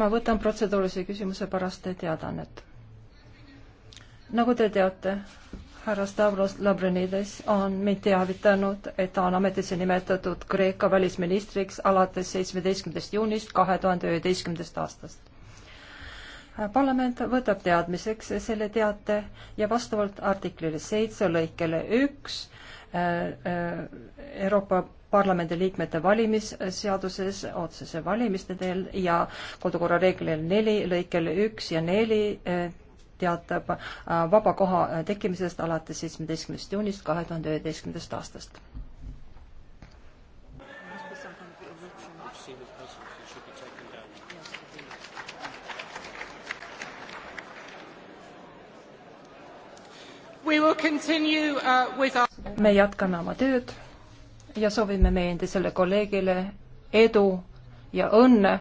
ma võtan protseduurilise küsimuse pärast teadaannet. nagu te teate, härra Stavros Labrenides on mind teavitanud, et ta on ametisse nimetatud Kreeka välisministriks alates seitsmeteistkümnendast juunist kahe tuhande üheteistkümnendast aastast parlament võtab teadmiseks selle teate ja vastavalt artiklile seitse lõikele üks äh, äh, Euroopa Parlamendi liikmete valimisseaduses otsese valimiste teel ja kodukorra reeglil neli lõikele üks ja neli äh, teatab vaba koha tekkimisest alates seitsmeteistkümnest juunist kahe tuhande üheteistkümnendast aastast. Uh, me jätkame oma tööd ja soovime meie endisele kolleegile edu ja õnne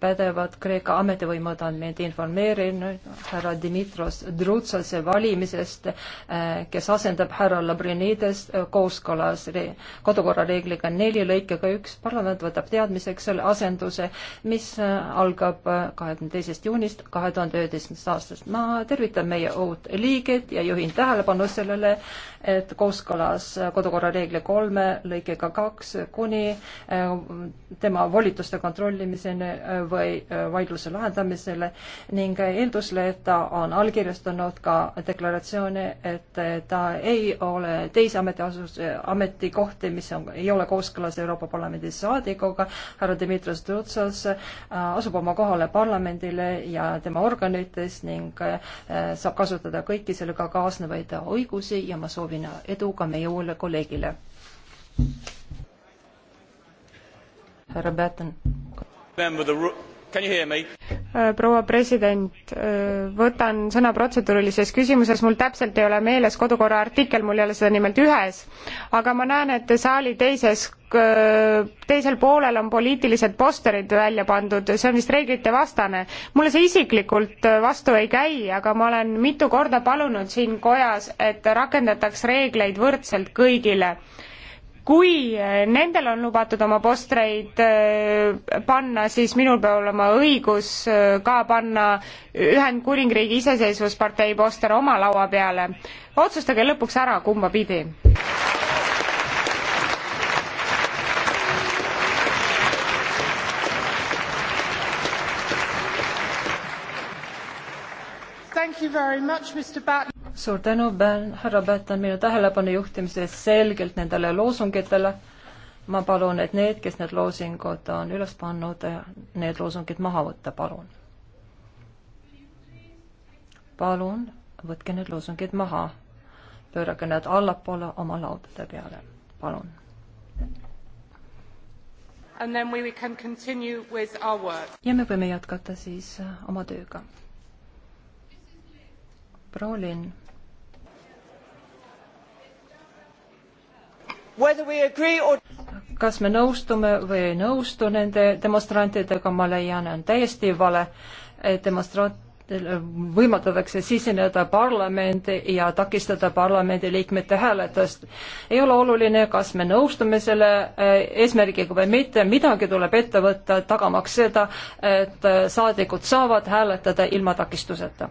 pädevad Kreeka ametivõimud on meid informeerinud härra Dimitros Drutsase valimisest, äh, kes asendab härra Labrinides äh, kooskõlas kodukorra reegliga neli lõikega üks. parlament võtab teadmiseks selle asenduse, mis äh, algab kahekümne teisest juunist kahe tuhande üheteistkümnendast aastast. ma tervitan meie uut liiget ja juhin tähelepanu sellele, et kooskõlas kodukorra reegli kolme lõikega kaks kuni tema volituste kontrollimiseni või äh, vaidluse lahendamisele ning eeldusel, et ta on allkirjastanud ka deklaratsiooni, et äh, ta ei ole teisi ametiasutuse, ametikohti, mis on, ei ole kooskõlas Euroopa Parlamendi saadikuga, härra Dmitri Strutsas äh, asub oma kohale parlamendile ja tema organites ning saab kasutada kõiki sellega kaasnevaid õigusi ja ma soovin edu ka meie uuele kolleegile. härra Batten. Äh, proua president, äh, võtan sõna protseduurilises küsimuses, mul täpselt ei ole meeles kodukorra artikkel, mul ei ole seda nimelt ühes, aga ma näen, et saali teises, teisel poolel on poliitilised posterid välja pandud, see on vist reeglite vastane. mulle see isiklikult äh, vastu ei käi, aga ma olen mitu korda palunud siin kojas, et rakendataks reegleid võrdselt kõigile kui eh, nendel on lubatud oma postreid eh, panna, siis minul peab olema õigus eh, ka panna Ühendkuningriigi Iseseisvuspartei poster oma laua peale. otsustage lõpuks ära, kumba pidi. Thank you very much, Mr. Batten suur tänu, härra Pätan, minu tähelepanu juhtimise eest selgelt nendele loosungitele. ma palun, et need, kes need loosingud on üles pannud, need loosungid maha võtta, palun. palun võtke need loosungid maha. pöörake need allapoole oma laudade peale, palun. ja me võime jätkata siis oma tööga. proua Linn kas me nõustume või ei nõustu nende demonstrantidega, ma leian, on täiesti vale. demonstrantidele võimaldatakse siseneda parlamendi ja takistada parlamendi liikmete hääletust. ei ole oluline, kas me nõustume selle eh, eesmärgiga või mitte, midagi tuleb ette võtta, tagamaks seda, et eh, saadikud saavad hääletada ilma takistuseta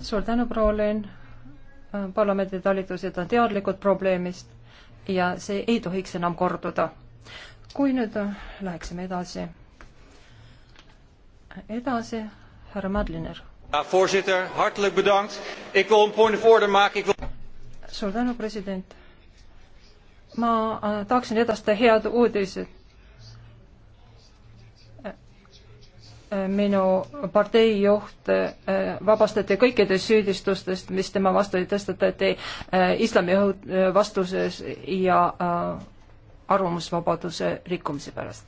suur tänu, proua Leen. parlamendi talitused on teadlikud probleemist ja see ei tohiks enam korduda. kui nüüd läheksime edasi. edasi, härra Madliner. voorzitter, hartelijk bedankt. Ik wil een point of order maken. suur tänu, president. ma äh, tahaksin edastada head uudised minu partei juht äh, vabastati kõikidest süüdistustest, mis tema vastu tõstatati äh, islami äh, vastuses ja arvamusvabaduse rikkumise pärast.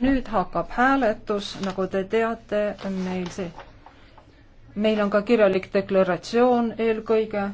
nüüd hakkab hääletus, nagu te teate, meil see, meil on ka kirjalik deklaratsioon eelkõige